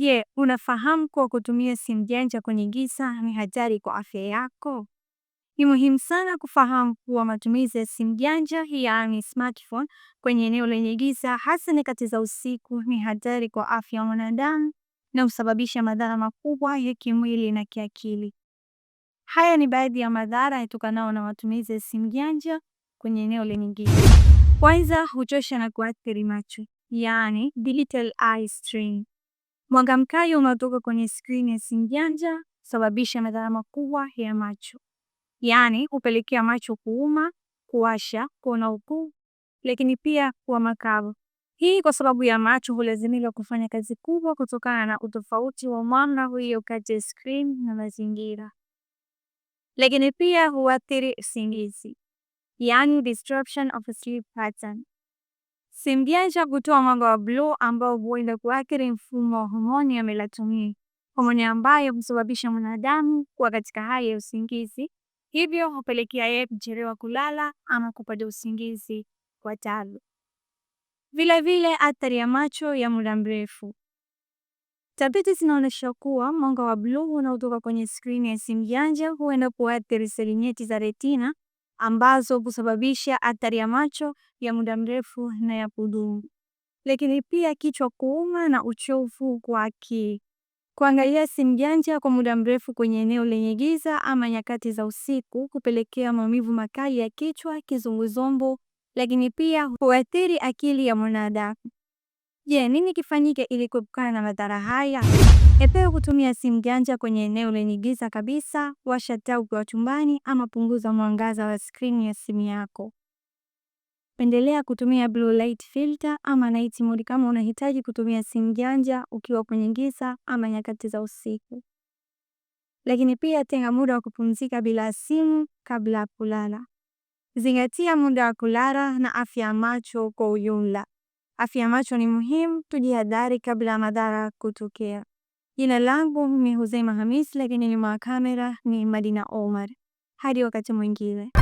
Je, yeah, unafahamu kuwa kutumia simu janja kwenye giza ni hatari kwa afya yako? Ni muhimu sana kufahamu kuwa matumizi ya simu janja, yaani smartphone, kwenye eneo lenye giza, hasa nyakati za usiku, ni hatari kwa afya ya mwanadamu na husababisha madhara makubwa ya kimwili na kiakili. Haya ni baadhi ya madhara yatokanayo na matumizi ya simu janja kwenye eneo lenye giza. Kwanza, huchosha na kuathiri macho, yaani digital eye strain. Mwanga mkali unaotoka kwenye skrini ya simu janja sababisha madhara makubwa ya macho, yaani hupelekea macho kuuma, kuwasha, kuona ukuu, lakini pia kuwa makavu. Hii kwa sababu ya macho hulazimika kufanya kazi kubwa kutokana na utofauti wa mwanga huo kati ya skrini na mazingira. Lakini pia huathiri usingizi, yaani disruption of sleep pattern. Sehemu kutoa mwanga wa bluu ambao huenda kuathiri mfumo wa homoni ya melatonin, homoni ambayo husababisha mwanadamu kuwa katika hali ya usingizi, hivyo hupelekea yeye kuchelewa kulala ama kupata usingizi kwa taabu. Vilevile athari ya macho ya muda mrefu. Tafiti zinaonyesha kuwa mwanga wa bluu unaotoka kwenye skrini ya simu janja huenda kuathiri seli nyeti za retina ambazo husababisha athari ya macho ya muda mrefu na ya kudumu, lakini pia kichwa kuuma na uchovu kwa akili. Kuangalia simu janja kwa muda mrefu kwenye eneo lenye giza ama nyakati za usiku kupelekea maumivu makali ya kichwa, kizunguzombo, lakini pia huathiri akili ya mwanadamu. Je, nini kifanyike ili kuepukana na madhara haya? Epewa kutumia simu janja kwenye eneo lenye giza kabisa. Washa taa ukiwa chumbani ama punguza mwangaza wa skrini ya simu yako. Pendelea kutumia blue light filter ama night mode kama unahitaji kutumia simu janja ukiwa kwenye giza ama nyakati za usiku. Lakini pia tenga muda wa kupumzika bila simu kabla ya kulala. Zingatia muda wa kulala na afya ya macho kwa ujumla. Afya ya macho ni muhimu, tujihadhari kabla ya madhara kutokea. Jina langu mimi Huzaima Hamis, lakini nyuma ya kamera ni Madina Omar. Hadi wakati mwingine.